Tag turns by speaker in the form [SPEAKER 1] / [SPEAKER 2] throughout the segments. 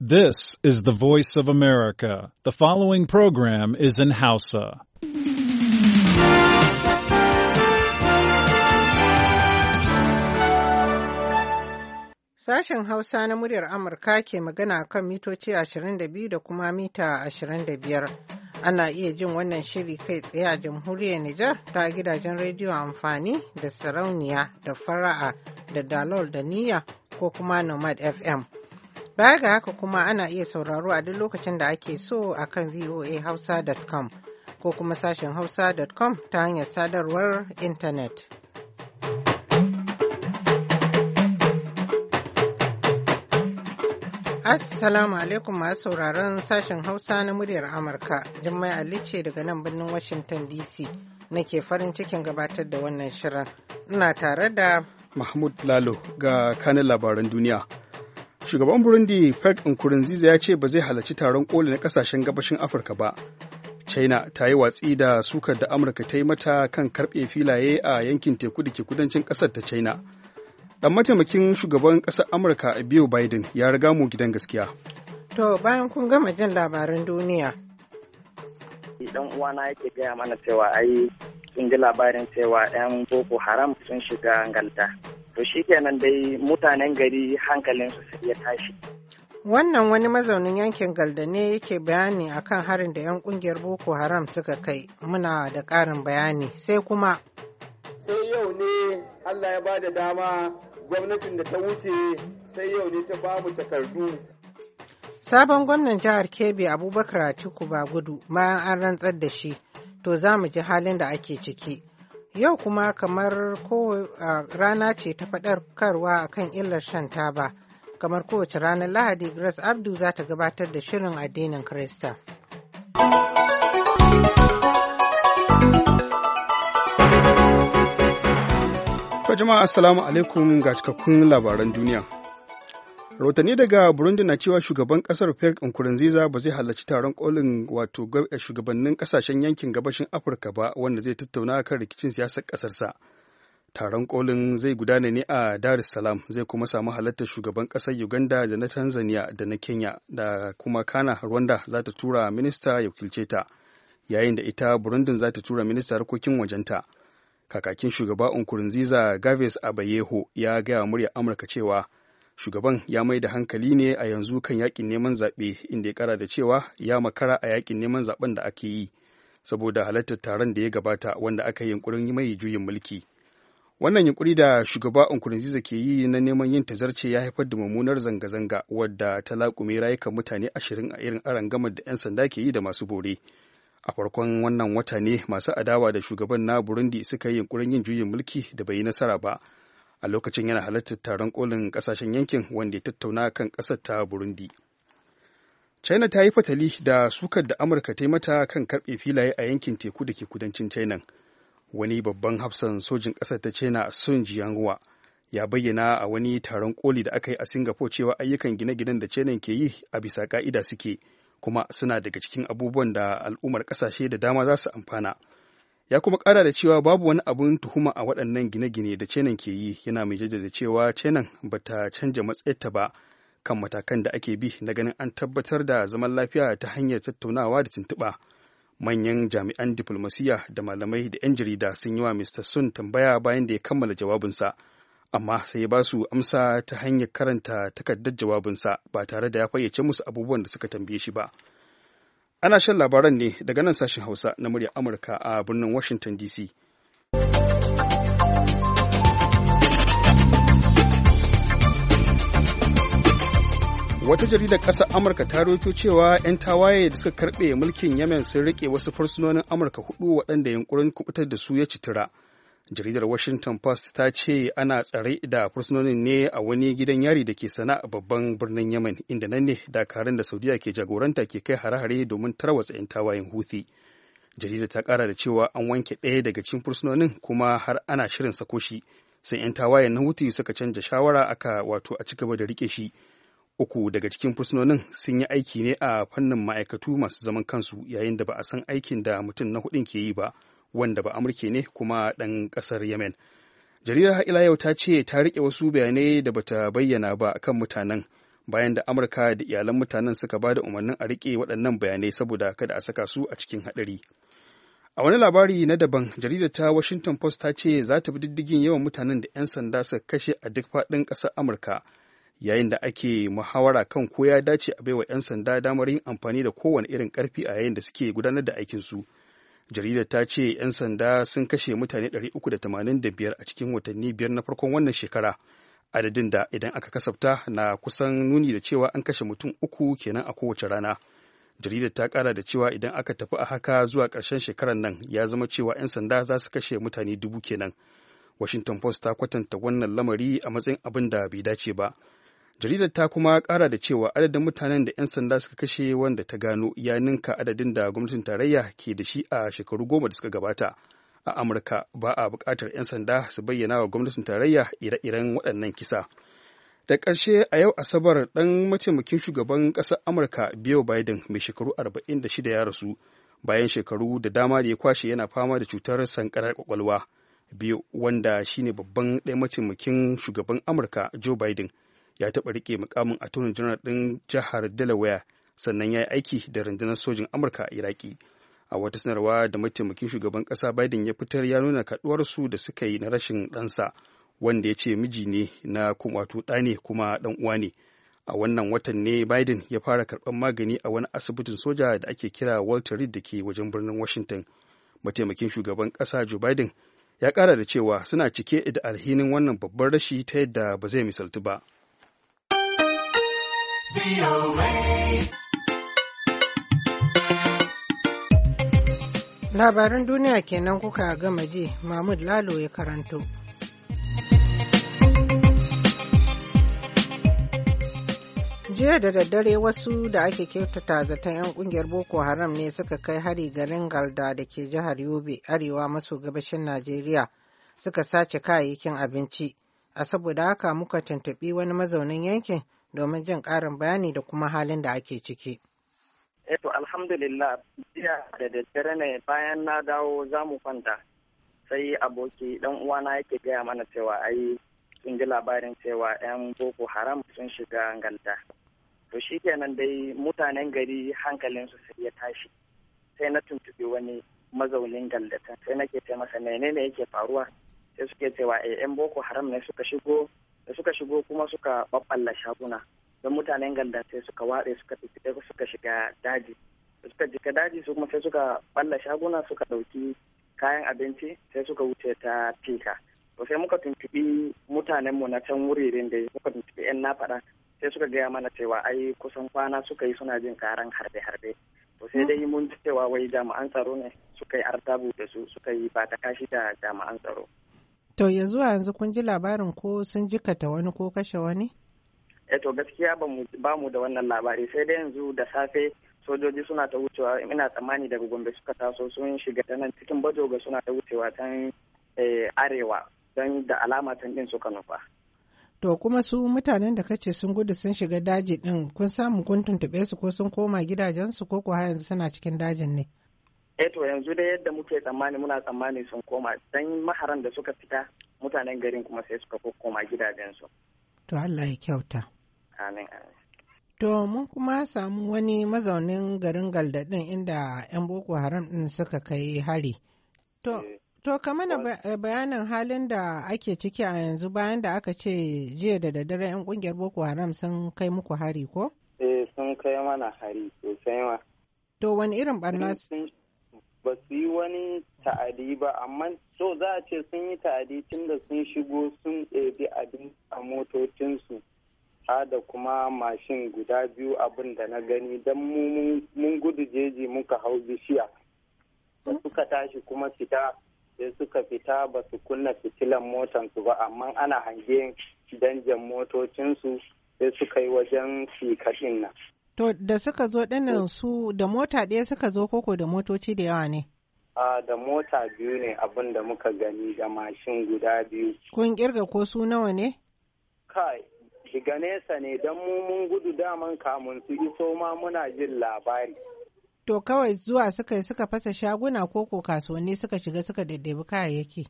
[SPEAKER 1] This is the voice of America. The following program is in Hausa.
[SPEAKER 2] Sashen Hausa na muryar Amurka ke magana kan mitoci 22 da kuma mita 25. Ana iya jin wannan shiri kai tsaye a jamhuriyar Nijar ta gidajen rediyo amfani da sarauniya da fara'a da dalol da niyya ko kuma nomad FM. Baya ga haka kuma ana iya sauraro a duk lokacin da ake so a kan voahausa.com ko kuma sashen hausa.com ta hanyar sadarwar intanet. Assalamu alaikum masu sauraron sashen Hausa na muryar Amurka, Jummai Ali ce daga nan birnin Washington DC nake farin cikin gabatar da wannan shirin. Ina tare da
[SPEAKER 3] Mahmud Lalo ga kanin labaran duniya. Shugaban Burundi Pierre Nkurunziza ya ce ba zai halarci taron koli na kasashen gabashin Afirka ba. China ta yi watsi da sukar da Amurka ta yi mata kan karɓe filaye a yankin teku da ke kudancin ƙasar ta China. Dan mataimakin shugaban kasar Amurka Bill Biden ya riga mu gidan gaskiya.
[SPEAKER 2] To bayan kun gama jin labaran duniya.
[SPEAKER 4] Dan uwana yake gaya mana cewa ai sun ji labarin cewa 'yan Boko Haram sun shiga ngalta. to shi kenan dai mutanen gari hankalin su ya tashi
[SPEAKER 2] wannan wani mazaunin yankin galda ne yake bayani akan harin da 'yan kungiyar boko haram suka kai muna da ƙarin bayani sai kuma
[SPEAKER 5] sai yau ne allah ya ba da dama gwamnatin da ta wuce sai yau ne ta bamu takardu
[SPEAKER 2] sabon gwamnan jihar kebbi abubakar atiku ba gudu bayan an rantsar da shi to za mu ji halin da ake ciki Yau kuma kamar ko rana ce ta faɗarkarwa a kan illar shan taba. Kamar kowace ranar Lahadi, Grace Abdu za ta gabatar da shirin addinin Krista.
[SPEAKER 3] jama'a assalamu alaikum ga cikakkun labaran duniya. rahotanni daga burundi na cewa shugaban kasar pierre nkurunziza ba zai halarci taron kolin wato eh, shugabannin kasashen yankin gabashin afirka ba wanda zai tattauna kan rikicin siyasar kasarsa taron kolin zai gudana ne a dar es salaam zai kuma samu halartar shugaban kasar uganda da na tanzania da na kenya da kuma kana rwanda za ta tura minista ya wakilce ta yayin da ita burundin za ta tura minista harkokin wajenta kakakin shugaba nkurunziza gaves abayeho ya gaya murya amurka cewa shugaban ya mai da hankali ne a yanzu kan yakin neman zaɓe inda ya kara da cewa ya makara a yakin neman zaɓen da ake yi saboda halartar taron da ya gabata wanda aka yi yunkurin mai juyin mulki wannan yunkuri da shugaba Nkurunziza ke yi na neman yin tazarce ya haifar da mummunar zanga-zanga wadda ta laƙume rayukan mutane ashirin a irin arangamar da 'yan sanda ke yi da masu bore a farkon wannan wata ne masu adawa da shugaban na burundi suka yi yunkurin yin juyin mulki da bai yi nasara ba a lokacin yana halartar taron kolin kasashen yankin wanda ya tattauna kan ƙasar ta burundi china ta yi fatali da sukar da amurka ta yi mata kan karɓe filaye a yankin teku da ke kudancin china wani babban hafsan sojin ƙasar ta china sun jiyanwa ya bayyana a wani taron koli da aka yi a singapore cewa ayyukan gine-ginen da china ke yi a bisa ka'ida suke kuma suna daga cikin abubuwan da al'ummar ƙasashe da dama za su amfana. ya kuma kara da cewa babu wani abun tuhuma a waɗannan gine-gine da cenan ke yi yana mai jaddada cewa cenan ba ta canja matsayarta ba kan matakan da ake bi na ganin an tabbatar da zaman lafiya ta hanyar tattaunawa da tuntuɓa manyan jami'an diflomasiyya da malamai da 'yan jarida sun yi wa mr sun tambaya bayan da ya kammala jawabinsa amma sai ba su amsa ta hanyar karanta takardar jawabinsa ba tare da ya fayyace musu abubuwan da suka tambaye shi ba. Ana shan labaran ne daga nan sashen Hausa na murya Amurka a birnin Washington DC. Wata jaridar ƙasar Amurka ta roto cewa 'yan tawaye da suka karɓe mulkin Yemen sun riƙe wasu fursunonin Amurka hudu waɗanda yunkurin kubutar da su ya citira. jaridar washington post ta ce ana tsare da fursunonin ne a wani gidan yari da ke sana a babban birnin yemen inda nan ne dakarun da saudiya ke jagoranta ke kai hare-hare domin tarwatsa 'yan tawayen huthi jaridar ta kara da cewa an wanke ɗaya daga cikin fursunonin kuma har ana shirin sako shi sai 'yan tawayen na huthi suka canja shawara aka wato a cigaba da rike shi uku daga cikin fursunonin sun yi aiki ne a fannin ma'aikatu masu zaman kansu yayin da ba a san aikin da mutum na hudun ke yi ba wanda ba amurke ne kuma ɗan ƙasar yemen jaridar ila yau ta ce ta riƙe wasu bayanai da bata bayyana ba kan mutanen bayan da amurka da iyalan mutanen suka ba da umarnin a riƙe waɗannan bayanai saboda kada a saka su a cikin haɗari a wani labari na daban jaridar ta washington post ta ce za ta bi diddigin yawan mutanen da 'yan sanda suka kashe a duk faɗin ƙasar amurka yayin da ake muhawara kan ko ya dace a baiwa 'yan sanda damar yin amfani da kowane irin ƙarfi a yayin da suke gudanar da aikinsu su jaridar ta ce 'yan sanda sun kashe mutane 385 a cikin watanni biyar na farkon wannan shekara adadin da idan aka kasafta na kusan nuni da cewa an kashe mutum uku kenan a kowace rana jaridar ta kara da cewa idan aka tafi a haka zuwa karshen shekarar nan ya zama cewa 'yan sanda za su kashe mutane dubu kenan washington post ta kwatanta wannan lamari a matsayin abin da bai dace ba jaridar ta kuma kara da cewa adadin mutanen da 'yan sanda suka kashe wanda ta gano ya ninka adadin da gwamnatin tarayya ke da shi a shekaru goma da suka gabata a amurka ba a bukatar 'yan sanda su bayyana wa gwamnatin tarayya ire-iren waɗannan kisa da ƙarshe a yau asabar ɗan mataimakin shugaban ƙasar amurka bill biden mai shekaru arba'in da shida ya rasu bayan shekaru da dama da ya kwashe yana fama da cutar sankarar kwakwalwa biyu wanda shine babban ɗaya mataimakin shugaban amurka joe biden ya taɓa rike mukamin attorney general ɗin jihar delaware sannan ya yi aiki da rundunar sojin amurka a iraki a wata sanarwa da mataimakin shugaban ƙasa biden ya fitar ya nuna kaɗuwar su da suka yi na rashin ɗansa wanda ya ce miji ne na wato ɗa ne kuma ɗan uwa ne a wannan watan ne biden ya fara karɓar magani a wani asibitin soja da ake kira walter reed da ke wajen birnin washington mataimakin shugaban ƙasa joe biden ya ƙara da cewa suna cike da alhinin wannan babban rashi ta yadda ba zai misaltu ba.
[SPEAKER 2] Labaran duniya kenan kuka gama ji Mahmud Lalo ya karanto. jiya da daddare wasu da ake kyautata zaton 'yan kungiyar boko haram ne suka kai hari garin galda da ke jihar yobe arewa maso gabashin najeriya suka sace kayayyakin abinci a saboda haka muka tuntuɓi wani mazaunin yankin domin jin ƙarin bayani da kuma halin da ake ciki.
[SPEAKER 4] Eto eh alhamdulillah jiya da daddare ne bayan na dawo za mu kwanta sai aboki dan uwana yake gaya mana cewa ai sun ji labarin cewa 'yan boko haram sun shiga ngalta. To shi kenan dai mutanen gari hankalinsu sai ya tashi sai na tuntuɓi wani mazaunin galdatan sai nake ce masa menene yake faruwa sai suke cewa eh, 'yan boko haram ne suka shigo da suka shigo kuma suka ɓaɓɓalla shaguna don mutanen ganda sai suka watse suka fita suka shiga daji suka jika daji su kuma sai suka ɓalla shaguna suka ɗauki kayan abinci sai suka wuce ta fika to sai muka tuntuɓi mutanenmu na can wuririn da muka tuntuɓi 'yan na faɗa sai suka gaya mana cewa ai kusan kwana suka yi suna jin karan harbe-harbe to sai dai mun cewa wai jami'an tsaro ne suka yi artabu da su suka yi ba ta kashi da jami'an tsaro
[SPEAKER 2] To ya zuwa yanzu kun ji labarin ko sun jikata wani ko kashe wani?
[SPEAKER 4] Eh, to gaskiya ba mu da wannan labari sai dai yanzu da safe sojoji suna ta wucewa ina tsammani daga gombe suka taso sun shiga ta nan cikin bajoga suna ta wucewa ta eh, arewa don da alama ta din suka nufa.
[SPEAKER 2] To kuma su mutanen da kace sun gudu sun shiga daji din kun samu kun tuntuɓe su ko sun koma gidajensu ko kuwa yanzu suna cikin dajin ne?
[SPEAKER 4] eh to yanzu dai yadda muke tsammani muna tsammani sun koma dan maharan da suka fita mutanen garin kuma sai suka koma gidajensu
[SPEAKER 2] to Allah ya kyauta amin To mun kuma samu wani mazaunin garin Galdadin inda 'yan Boko Haram ɗin suka kai hari. To, eh. to kamar na bayanin halin da ake ciki a yanzu bayan da aka ce jiya da daddare 'yan kungiyar Boko Haram sun kai muku hari ko?
[SPEAKER 6] Eh sun kai mana hari sosai ma.
[SPEAKER 2] To wani irin barna
[SPEAKER 6] ba su yi wani ta'adi ba amma so za a ce sun yi ta'adi tun da sun shigo sun ɗebi abin a motocinsu ha da kuma mashin guda biyu abin da na gani don mun gudu jeji muka hau bishiya ba mm. suka tashi kuma fita sai suka fita ba su kunna fitilan motansu ba amma ana hange danjan motocinsu sai suka yi wajen fikaɗin nan
[SPEAKER 2] To da suka zo ɗinnan mm. su da mota ɗaya suka zo koko da motoci da yawa ne?
[SPEAKER 6] Uh, da mota biyu ne abin da muka gani da mashin guda biyu.
[SPEAKER 2] Kun kirga ko su nawa ne?
[SPEAKER 6] Kai, shiga nesa ne don mu mun gudu daman kamun su iso ma muna jin labari.
[SPEAKER 2] To kawai zuwa suka yi suka fasa shaguna koko kasuwanni suka shiga suka daddabi kayayyaki.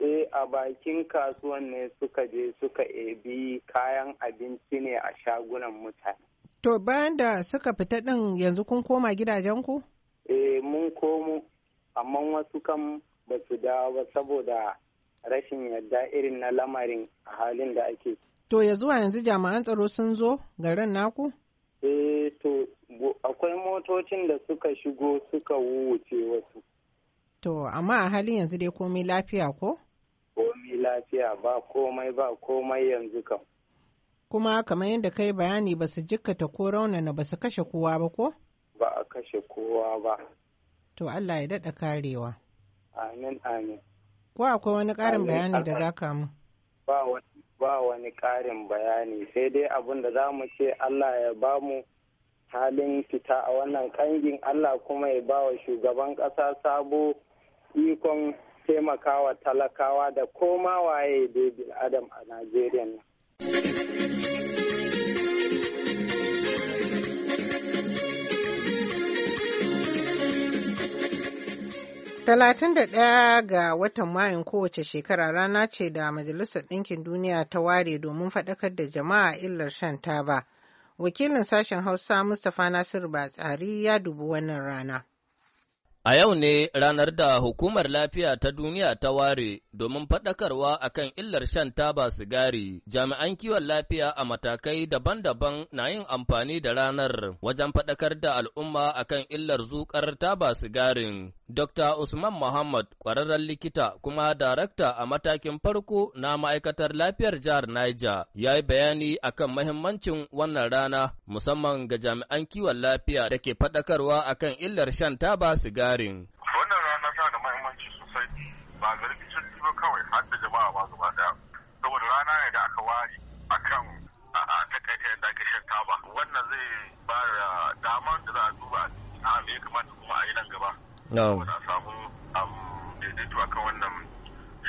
[SPEAKER 6] E, a bakin kasuwan ne suka je suka ebi kayan abinci ne a shagunan mutane.
[SPEAKER 2] To bayan da suka fita ɗin yanzu kun koma gidajenku?
[SPEAKER 6] Eh mun komo, amma wasu kan ba su dawo ba saboda rashin yadda irin na lamarin a halin da ake.
[SPEAKER 2] To ya zuwa yanzu jama'an tsaro sun zo garin naku?
[SPEAKER 6] Eh to akwai motocin da suka shigo suka wuce wasu.
[SPEAKER 2] To amma a halin yanzu dai komai lafiya ko?
[SPEAKER 6] Komai lafiya ba komai ba komai yanzu kam.
[SPEAKER 2] kuma kamar yadda kai bayani ba su jikkata ko raunana ba su kashe kowa ba ko?
[SPEAKER 6] Ba a kashe kowa ba.
[SPEAKER 2] To Allah ya daɗa karewa.
[SPEAKER 6] Amin amin.
[SPEAKER 2] Ko akwai wani ƙarin bayani da za ka mu?
[SPEAKER 6] Ba wani ƙarin bayani sai dai abin da za mu ce Allah ya ba mu halin fita a wannan kangin Allah kuma ya ba wa shugaban ƙasa sabo ikon taimakawa talakawa da koma waye dai adam a Najeriya.
[SPEAKER 2] Talatin da 31 ga watan Mayun kowace shekara rana ce da Majalisar Ɗinkin Duniya ta ware domin faɗakar da jama'a illar shan taba. Wakilin sashen Hausa Mustapha nasiru Batsari ya dubi wannan rana.
[SPEAKER 7] A yau ne ranar da Hukumar Lafiya ta Duniya ta ware domin faɗakarwa akan illar shan taba sigari, jami'an kiwon lafiya a matakai daban-daban na yin amfani da ranar wajen faɗakar da al'umma akan illar zukar taba sigarin. Dr. Usman Muhammad, ƙwararren likita kuma darakta a matakin farko na ma'aikatar lafiyar jihar Niger, ya yi bayani akan mahimmancin wannan rana musamman ga jami'an kiwon lafiya da ke faɗakarwa akan illar shan taba sigari. tsarin Wannan rana tana da mahimmanci sosai ba ga rikicin ba kawai har da jama'a ba gaba daya. Saboda rana ne da aka ware akan takaita da ake shan taba. Wannan zai ba da daman da za a duba a me ya kamata kuma a yi nan gaba. na a samu um, daidaito akan wannan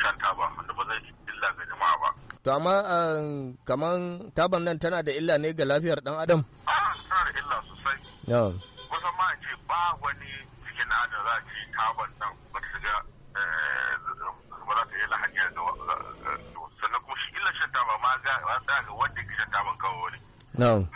[SPEAKER 7] shan taba wanda ba zai illa ga jama'a ba. To amma um, kaman taban nan tana da illa ne ga lafiyar dan adam?
[SPEAKER 2] a ah, tana da illa sosai. Kusan ma ce ba wani
[SPEAKER 7] al'ada za a ce nan ba ta shiga eh, ba za ta yi lahani ga eh, sannan kuma shi illar shan taba ma ga ga wanda yake shan taban kawo wani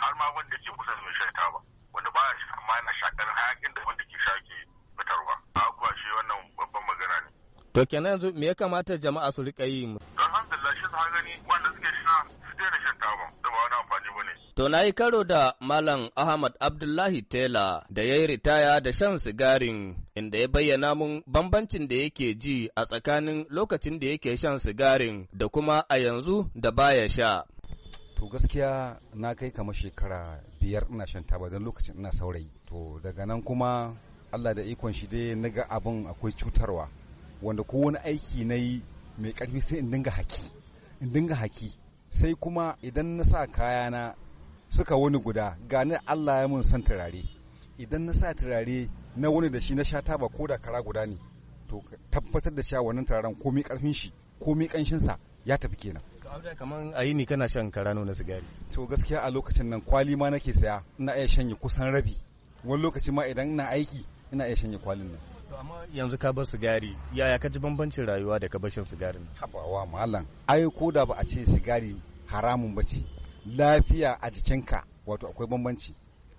[SPEAKER 7] har ma wanda yake kusa da shan taba wanda ba shi amma yana shakar hayakin da wanda ke shake fitarwa a kuwa shi wannan babban magana ne to kenan yanzu me ya kamata jama'a su riƙa yi alhamdulillah shi ta
[SPEAKER 2] gani wanda suke sha su daina shan
[SPEAKER 7] taban To na yi karo da Malam Ahmad Abdullahi Tela da ya yi ritaya da shan sigarin inda ya bayyana mun bambancin da yake ji a tsakanin lokacin da yake shan sigarin da kuma a yanzu da baya sha.
[SPEAKER 8] To gaskiya na kai kama shekara biyar ina shan taba don lokacin ina saurayi. To daga nan kuma Allah da ikon shi dai na ga abin akwai cutarwa wanda ko wani aiki na yi mai ƙarfi sai in dinga haki. In dinga haki sai kuma idan na sa kayana suka wani guda gani Allah ya mun san turare idan na sa turare na wani da shi na sha taba ko da kara guda ne to tabbatar da sha wannan turaren komai karfin shi komai kanshin sa ya tafi kenan kamar a yi ni kana shan karano na sigari to gaskiya a lokacin nan kwali ma nake saya ina iya shanye kusan rabi wani lokaci ma idan ina aiki ina iya shanye kwalin nan to amma yanzu ka bar sigari yaya ka ji bambancin rayuwa da ka bar shan sigarin haba wa malam ai ko da ba a ce sigari haramun bace lafiya a jikinka wato akwai bambanci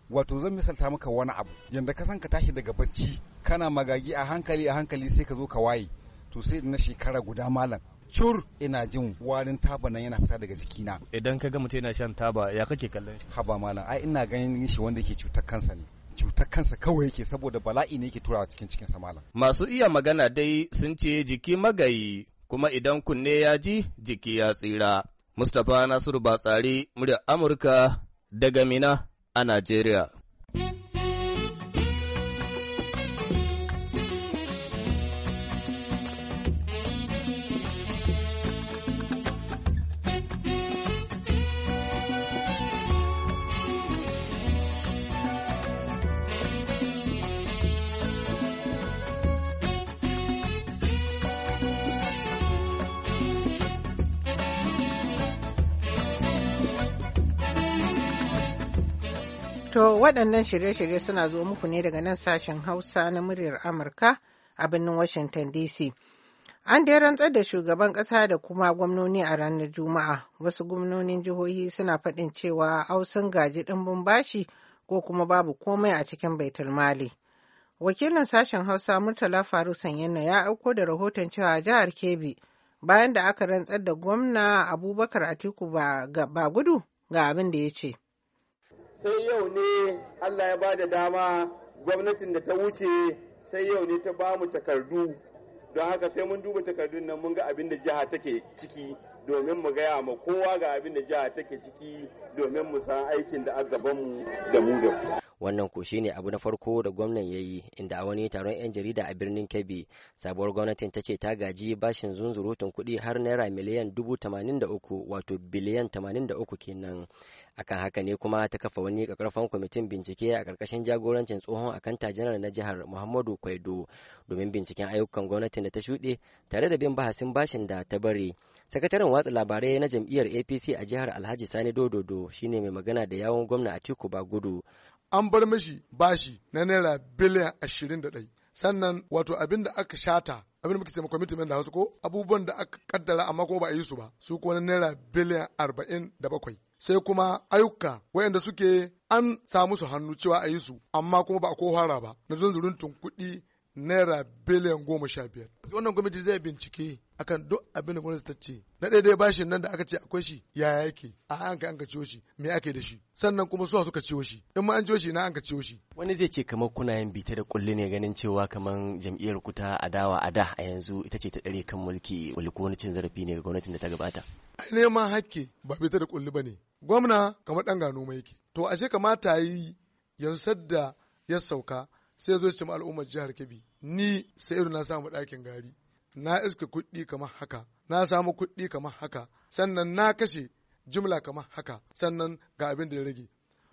[SPEAKER 8] wato zan misalta maka wani abu yanda ka san ka tashi daga bacci kana magagi a hankali a hankali sai ka zo ka waye to sai na shekara guda malam cur ina jin warin taba nan yana fita daga jikina idan ka ga mutum yana shan taba ya kake kallon shi haba malam ai ina ganin shi wanda yake cutar kansa ne cutar kansa kawai yake saboda bala'i ne yake turawa cikin cikin malam
[SPEAKER 7] masu iya magana dai sun ce jiki magayi kuma idan kunne ya ji jiki ya tsira Mustapha Nasiru Batsari, muryar Amurka daga Mina a Najeriya.
[SPEAKER 2] waɗannan shirye-shirye suna zo muku ne daga nan sashen Hausa na muryar Amurka a birnin Washington DC. An dai rantsar da shugaban ƙasa da kuma gwamnoni a ranar Juma'a. Wasu gwamnonin jihohi suna faɗin cewa ausun gaji ɗimbin bashi ko kuma babu komai a cikin baitul mali. Wakilin sashen Hausa Murtala Faru Sanyanna ya auko da rahoton cewa jihar Kebbi bayan da aka rantsar da gwamna Abubakar Atiku ba gudu ga abin da ya ce.
[SPEAKER 5] sai yau ne Allah ya ba da dama gwamnatin da ta wuce sai yau ne ta ba mu
[SPEAKER 8] takardu don haka sai mun duba takardun nan mun ga abin da jiha take ciki domin mu gaya ma kowa ga abin da jiha take ciki domin mu san aikin da mu da mu
[SPEAKER 9] da wannan ko shine abu na farko da gwamnan yayi inda a wani taron 'yan jarida a birnin kebbi sabuwar gwamnatin ta ce ta gaji bashin zunzurutun kuɗi har naira miliyan dubu tamanin wato biliyan tamanin kenan akan haka ne kuma ta kafa wani kakarfan kwamitin bincike a karkashin jagorancin tsohon akanta janar na jihar muhammadu kwaido domin binciken ayyukan gwamnatin da ta shuɗe tare da bin bahasin bashin da ta bari sakataren watsa labarai na jam'iyyar apc a jihar alhaji sani dododo shine mai magana da yawon gwamna atiku bagudu
[SPEAKER 10] an bar mashi bashi na naira biliyan ashirin da ɗai sannan wato abin da aka shata abin da muke cewa commitment da wasu ko abubuwan da aka kaddara amma kuma ba a yi su ba su kuma naira biliyan arba'in da bakwai sai kuma ayyuka wayanda suke an samu su hannu cewa a yi su amma kuma ba a ko fara ba na zunzurun kuɗi naira biliyan goma sha biyar wannan gwamnati zai bincike akan duk abin da gwamnati ta ce na dai bashin nan da aka ce akwai shi yaya yake a an ka an ka ciwo shi me ake da shi sannan kuma su suka ciwo shi in ma an ciwo shi na an ka ciwo shi
[SPEAKER 9] wani zai ce kamar kuna yin bita da kulli ne ganin cewa kamar jam'iyyar kuta ta adawa a da a yanzu ita ce ta ɗare kan mulki wani ko wani cin zarafi ne ga gwamnatin da ta gabata
[SPEAKER 10] neman hakke ba bita da kulli ne. gwamna kamar dan gano mai yake to ashe kamata yi yanzu sadda ya sauka sai zo ya ce al'ummar jihar Kebbi ni sai irin na samu ɗakin gari na iska kuɗi kamar haka na samu kuɗi kamar haka sannan na kashe jimla kamar haka sannan ga abin da ya rage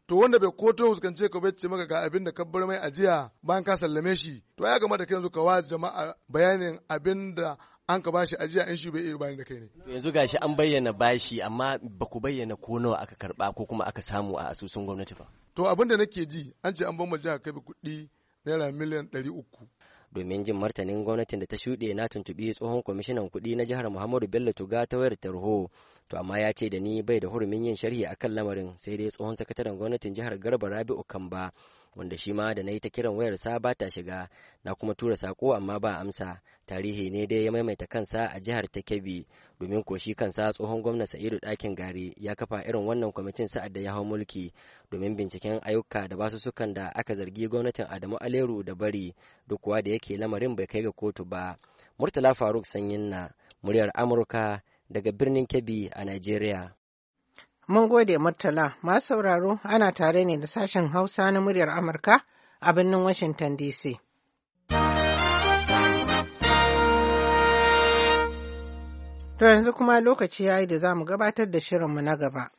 [SPEAKER 10] to wanda bai koto huskance ka bai ce maka ga abin da ka bar mai ajiya bayan ka sallame shi to ya gama da kai yanzu ka wa jama'a bayanin abin da an ka bashi ajiya in shi bai iya bani da kai ne
[SPEAKER 9] yanzu gashi an bayyana bashi amma ba ku bayyana ko nawa aka karba ko kuma aka samu a asusun gwamnati ba to abin da
[SPEAKER 10] nake ji an ce an bar mu jihar kabi kuɗi naira miliyan ɗari uku
[SPEAKER 9] domin jin martanin gwamnatin da ta shuɗe na tuntuɓi tsohon kwamishinan kuɗi na jihar muhammadu bello tuga ta wayar tarho to amma ya ce da ni bai da hurumin yin sharhi akan lamarin sai dai tsohon sakataren gwamnatin jihar garba rabi'u kamba wanda shi ma da na yi ta kiran wayarsa ba ta shiga na kuma tura sako amma ba amsa tarihi ne dai ya maimaita kansa a jihar ta kebbi domin ko shi kansa tsohon gwamna sa'idu ɗakin gari ya kafa irin wannan kwamitin sa'ad da ya hau mulki domin binciken ayyuka da basu sukan da aka zargi gwamnatin adamu aleru da bari duk kuwa da yake lamarin bai kai ga kotu ba murtala faruk sanyin na muryar amurka daga birnin kebbi
[SPEAKER 2] a nigeria Mun gode Murtala, masu sauraro ana tare ne da sashen Hausa na muryar Amurka a birnin Washington DC. To yanzu kuma lokaci ya yi da za mu gabatar da shirinmu na gaba.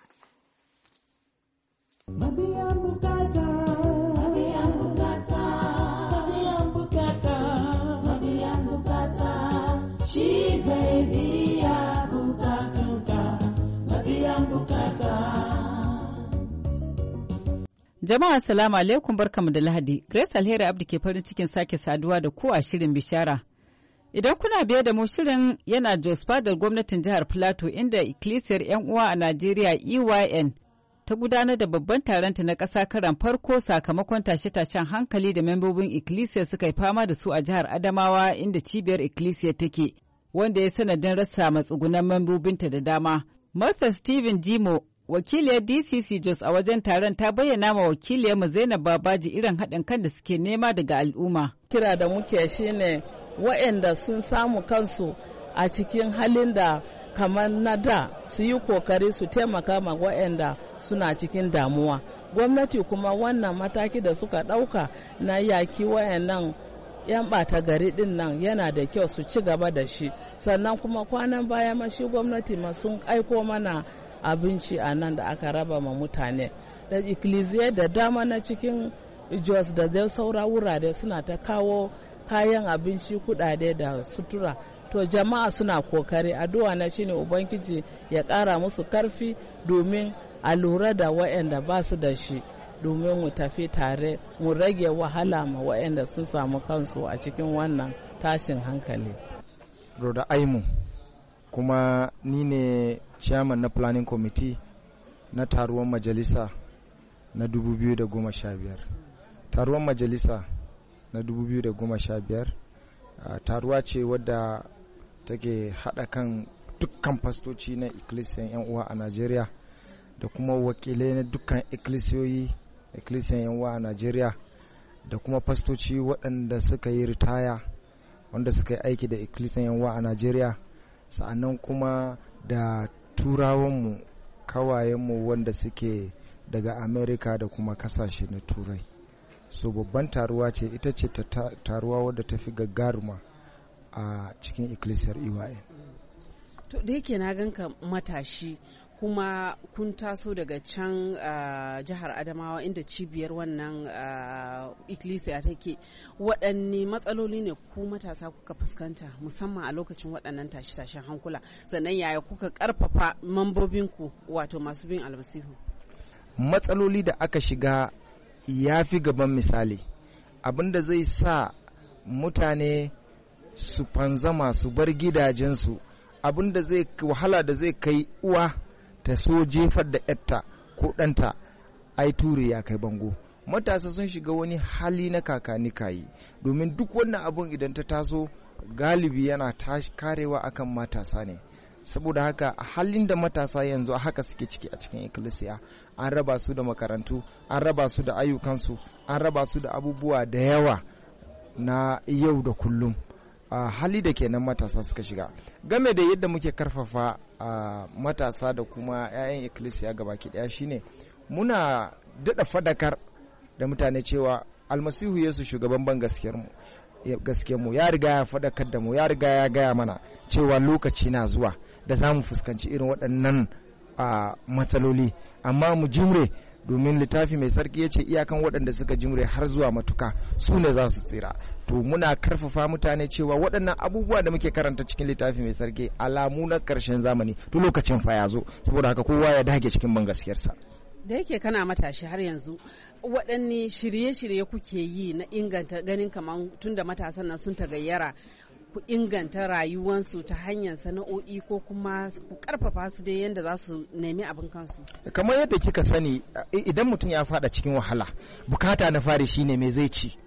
[SPEAKER 1] Jama'a salamu alaikum barkamu da Lahadi. Grace Alheri Abdi ke farin cikin sake saduwa da ku a shirin bishara. Idan kuna biye da mu shirin yana Jos Fadar gwamnatin jihar Plateau inda ikkilisiyar 'yan uwa a Najeriya EYN ta gudanar da babban taronta na ƙasa karan farko sakamakon tashe-tashen hankali da membobin ikkilisiyar suka yi fama da su a jihar Adamawa inda cibiyar ikkilisiyar take wanda ya sanadin rasa matsugunan membobinta da dama. Martha Steven Jimo wakiliyar dcc jos a wajen taron ta bayyana ma wakiliyar mu zainab babaji irin haɗin kan da suke nema daga al'umma kira da muke shine waɗanda sun samu kansu a cikin halin da kamar na da su yi kokari su taimaka ma waɗanda suna cikin damuwa gwamnati kuma wannan mataki da suka ɗauka na yaki wayannan 'yan ɓata gari ɗin nan yana da kyau su ci gaba da shi sannan kuma kwanan baya ma shi gwamnati ma sun aiko mana abinci a nan da aka raba ma mutane da ikkilisiyar da dama na cikin jos da zai saura wurare suna ta kawo kayan abinci kudade da sutura to jama'a suna kokari addu'a na shine ubangiji ya kara musu karfi domin a lura da wayanda ba su da shi domin mu tafi tare mu rage wahala ma wayanda sun samu kansu a cikin wannan tashin hankali.
[SPEAKER 5] Roda Aimu. kuma ni ne chairman na planning committee na taruwan majalisa na 2015 taruwan majalisa na 2015 taruwa ce wadda take haɗa kan dukkan fastoci na ikkilisiyan 'yan uwa a najeriya da kuma wakilai na dukkan ikkilisiyoyi ikkilisiyan 'yan uwa a najeriya da kuma fastoci waɗanda suka yi ritaya wanda suka yi aiki da ikkilisiyan 'yan uwa a najeriya sa'annan kuma da turawanmu kawayenmu wanda suke daga amerika da kuma kasashe na turai so babban taruwa ce ita ce taruwa wadda ta fi gagaruma a cikin ikkilisiyar iwaye
[SPEAKER 11] to da yake na ganka matashi kuma kun taso daga can jihar adamawa inda cibiyar wannan ikkilisiya take waɗanne matsaloli ne ku matasa kuka fuskanta musamman a lokacin waɗannan tashe-tashen hankula sannan yaya kuka ƙarfafa mambobinku wato masu bin almasihu
[SPEAKER 5] matsaloli da aka shiga ya fi gaban misali abinda zai sa mutane su fanzama su bar gidajensu abinda zai wahala da zai kai uwa ta so jefar da yatta ko ɗanta ai ture ya kai bango matasa sun shiga wani hali na kakani kayi domin duk wannan abun idan ta taso galibi yana karewa akan matasa ne saboda haka a halin da matasa yanzu a haka suke ciki a cikin ikkilisiya an raba su da makarantu an raba su da ayyukansu an raba su da abubuwa da yawa na yau da kullum a hali da kenan matasa suka shiga game da yadda muke karfafa a matasa da kuma 'ya'yan ikkilisiya gabaki daya shine muna daɗa fadakar da mutane cewa almasihu yesu shugaban ban gaske mu ya riga ya faɗakar da mu ya riga ya gaya mana cewa lokaci na zuwa da za mu fuskanci irin waɗannan matsaloli amma mu jimre domin littafi mai sarki ya ce iyakan waɗanda suka jimre har zuwa matuka su ne za su tsira to muna karfafa mutane cewa waɗannan abubuwa da muke karanta cikin littafi mai sarki alamu na ƙarshen zamani to lokacin fa ya zo saboda haka kowa ya dage cikin ban gaskiyarsa
[SPEAKER 11] da yake kana matashi har yanzu waɗanne shirye-shirye kuke yi na inganta ganin kamar tunda matasan nan sun tagayyara ku inganta rayuwansu ta hanyar sana'o'i ko kuma ku karfafa su dai yadda za su nemi abin kansu
[SPEAKER 5] kamar yadda kika sani idan mutum ya fada cikin wahala bukata na fari shine me zai ci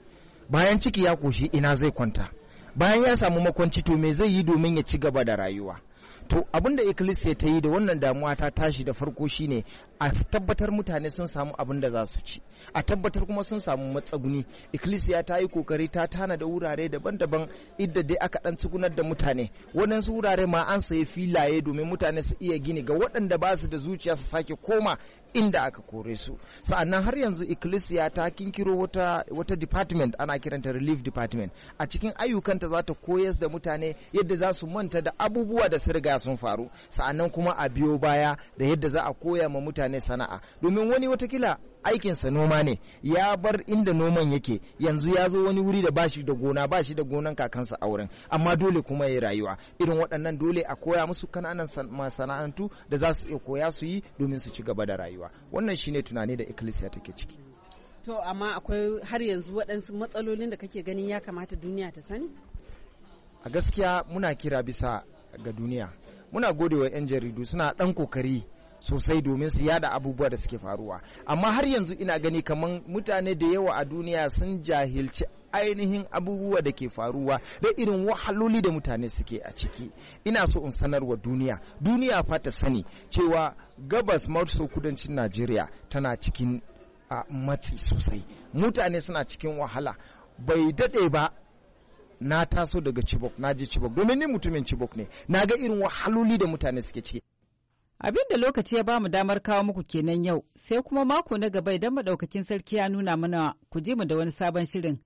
[SPEAKER 5] bayan ciki ya koshi ina zai kwanta bayan ya samu makwanci to me zai yi domin ya ci gaba da rayuwa to abin da ikkilisiya ta yi da wannan damuwa ta tashi da farko shine a tabbatar mutane sun samu abin da za su ci a tabbatar kuma sun samu matsaguni ikkilisiya ta yi kokari ta tana da wurare daban-daban idda dai aka dan tsugunar da mutane waɗansu wurare ma an sayi filaye domin mutane su iya gini ga waɗanda ba su da zuciya su sake koma inda aka kore su sa'annan har yanzu ecclesia ta kinkiro wata wata department ana kiranta relief department a cikin ayyukanta za ta koyas da mutane yadda za su manta da abubuwa da sirga sun faru sa'annan kuma a biyo baya da yadda za a koya ma mutane sana'a domin wani watakila aikinsa noma ne ya bar inda noman yake yanzu ya zo wani wuri da bashi da gona ba shi da gonan kakansa a wurin amma dole kuma ya rayuwa irin waɗannan dole a koya musu kananan masana'antu da za su iya koya su yi domin su ci gaba da rayuwa wannan shine tunani da ikkilisiya take ciki
[SPEAKER 11] to amma akwai har yanzu waɗansu matsalolin da kake ganin ya kamata duniya ta sani
[SPEAKER 5] a gaskiya muna kira bisa ga duniya muna gode wa 'yan jaridu suna ɗan kokari sosai domin su yada abubuwa da suke faruwa amma har yanzu ina gani kamar mutane da yawa a duniya sun jahilci ainihin abubuwa da ke faruwa da irin wahaloli da mutane suke a ciki ina so in sanarwa duniya duniya fa ta sani cewa gabas maso kudancin najeriya tana cikin a matsi sosai mutane suna cikin wahala bai daɗe ba na taso daga
[SPEAKER 1] chibok na je chibok domin ni mutumin chibok ne na ga irin wahaloli da mutane suke ciki Abin da lokaci ya bamu damar kawo muku kenan yau, sai kuma mako na gaba idan madaukakin sarki ya nuna mana ku ji mu da wani sabon shirin.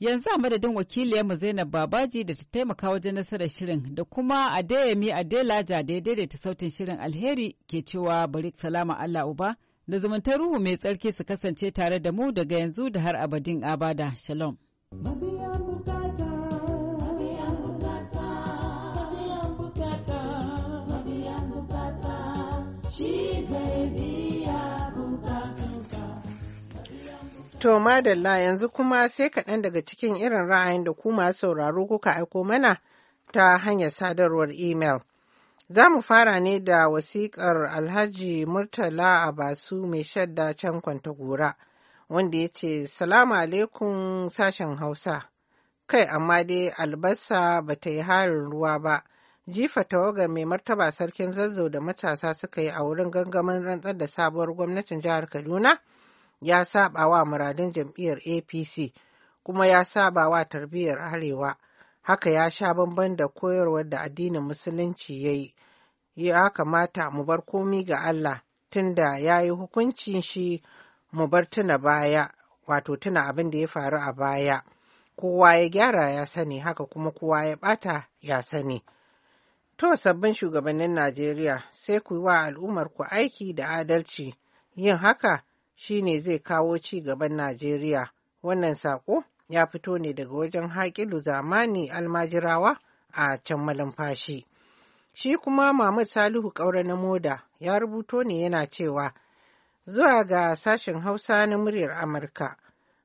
[SPEAKER 1] Yanzu a madadin wakiliyarmu Zainab Babaji da ta taimaka wajen nasarar shirin da kuma Adeyemi Adelaja da ya daidaita sautin shirin alheri ke cewa bari salama Allah uba da zumuntar ruhu mai tsarki su kasance tare da mu daga yanzu da har abadin abada. Shalom.
[SPEAKER 2] To madalla yanzu kuma sai kaɗan daga cikin irin ra'ayin da ku masu sauraro kuka aiko mana ta hanyar sadarwar imel. Za mu fara ne da wasiƙar Alhaji Murtala a basu mai shadda can kwanta gora, wanda ya ce, Salamu alaikum sashen Hausa, kai amma dai albasa ba ta yi harin ruwa ba, jifa tawagar mai martaba sarkin zazzau da matasa suka yi a wurin gangamin rantsar da sabuwar gwamnatin jihar Kaduna. ya saba wa muradin jam'iyyar apc kuma ya saba wa tarbiyyar arewa haka ya sha bamban da koyarwar da addinin musulunci ya yi ya kamata mu bar komi ga allah tunda ya yi hukuncin shi mu bar tuna baya wato tuna abin da ya faru a baya kowa ya gyara ya sani haka kuma kowa ya bata ya sani to sabbin shugabannin najeriya sai ku yi wa al'ummar ku aiki da adalci yin haka shi ne zai kawo ci gaban Najeriya. Wannan saƙo ya fito ne daga wajen haƙilu zamani almajirawa a can malumfashi. Shi kuma Mahmud Salihu ƙaura na moda ya rubuto ne yana cewa zuwa ga sashen Hausa na muryar Amurka.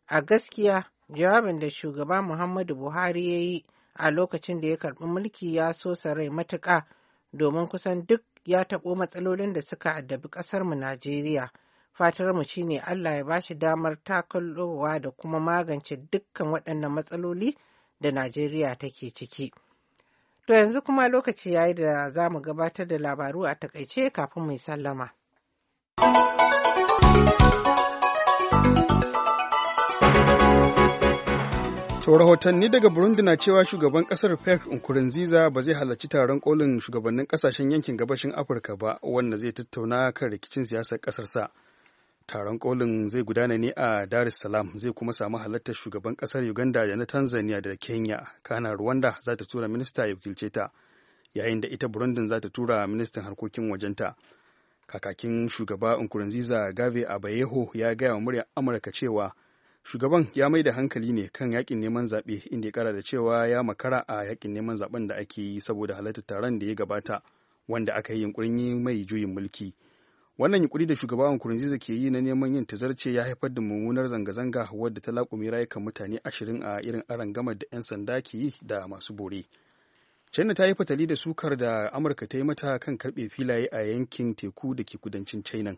[SPEAKER 2] A gaskiya jawabin da shugaba Muhammadu Buhari ya yi a lokacin da ya karɓi mulki ya so sarai matuƙa domin kusan duk ya taɓo matsalolin da suka addabi ƙasarmu Najeriya. fatar mu shine Allah ya bashi damar takalowa da kuma magance dukkan waɗannan matsaloli da Najeriya take ciki. To yanzu kuma lokaci ya yi da za mu gabatar da labaru a takaice kafin mu sallama.
[SPEAKER 3] To rahotanni daga Burundi na cewa shugaban kasar Pierre Nkurunziza ba zai halarci taron kolin shugabannin kasashen yankin gabashin Afirka ba wanda zai tattauna kan rikicin siyasar kasarsa. sa. taron kolin zai gudana ne a dar es salaam zai kuma samu halartar shugaban kasar uganda da na tanzania da kenya kana rwanda za ta tura minista ya wakilce ta yayin da ita burundin za ta tura ministan harkokin wajenta kakakin shugaba nkurunziza gave abayeho ya gaya wa muryar amurka cewa shugaban ya mai da hankali ne kan yakin neman zaɓe inda ya kara da cewa ya makara a yakin neman zaɓen da ake yi saboda halartar taron da ya gabata wanda aka yi yunkurin yi mai juyin mulki. wannan yunkuri da shugaban Nkurunziza ke yi na neman yin tazarce ya haifar da mummunar zanga-zanga wadda ta laƙumi rayukan mutane ashirin a irin gama da 'yan sanda ke yi da masu bore china ta yi fatali da sukar da amurka ta yi mata kan karbe filaye a yankin teku da ke kudancin china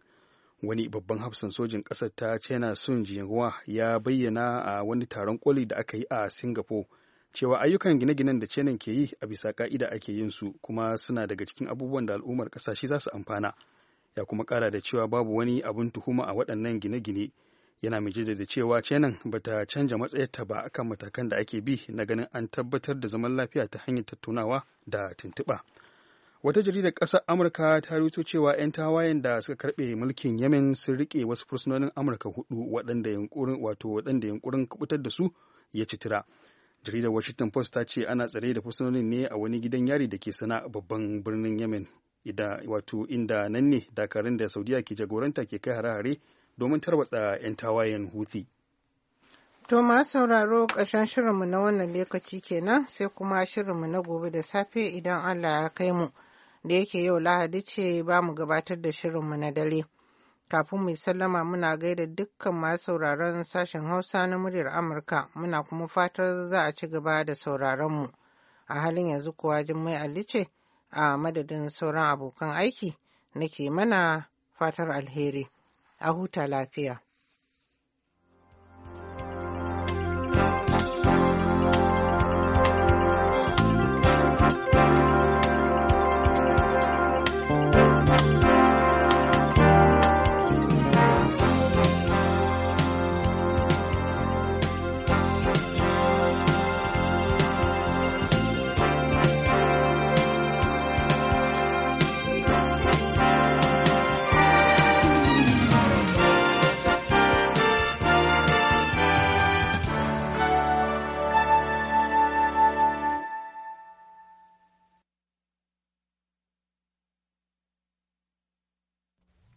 [SPEAKER 3] wani babban hafsan sojin kasar ta china sun jinhua ya bayyana a wani taron koli da aka yi a singapore cewa ayyukan gine-ginen da china ke yi a bisa ka'ida ake yin su kuma suna daga cikin abubuwan da al'ummar kasashe za su amfana ya kuma kara da cewa babu wani abin tuhuma a waɗannan gine-gine yana mai da cewa canan ba ta canja matsayarta ba akan matakan da ake bi na ganin an tabbatar da zaman lafiya ta hanyar tattaunawa da tuntuɓa wata jaridar ƙasar amurka ta rito cewa 'yan tawayen da suka karɓe mulkin yemen sun riƙe wasu fursunonin amurka hudu waɗanda yankurin wato waɗanda yunkurin kubutar da su ya citira jaridar washington post ta ce ana tsare da fursunonin ne a wani gidan yari da ke sana babban birnin yemen ida wato inda nan ne dakarun da saudiya ke jagoranta ke kai hare-hare domin tarwatsa 'yan tawayen huthi
[SPEAKER 2] to ma sauraro ƙarshen shirinmu na wannan lokaci kenan sai kuma shirinmu na gobe da safe idan allah ya kai mu da yake yau lahadi ce ba mu gabatar da shirinmu na dare kafin mu sallama muna gaida dukkan masu sauraron sashen hausa na muryar amurka muna kuma fatar za a ci gaba da sauraronmu a halin yanzu kuwa Jummai Ali ce a madadin sauran abokan aiki nake mana fatar alheri a huta lafiya.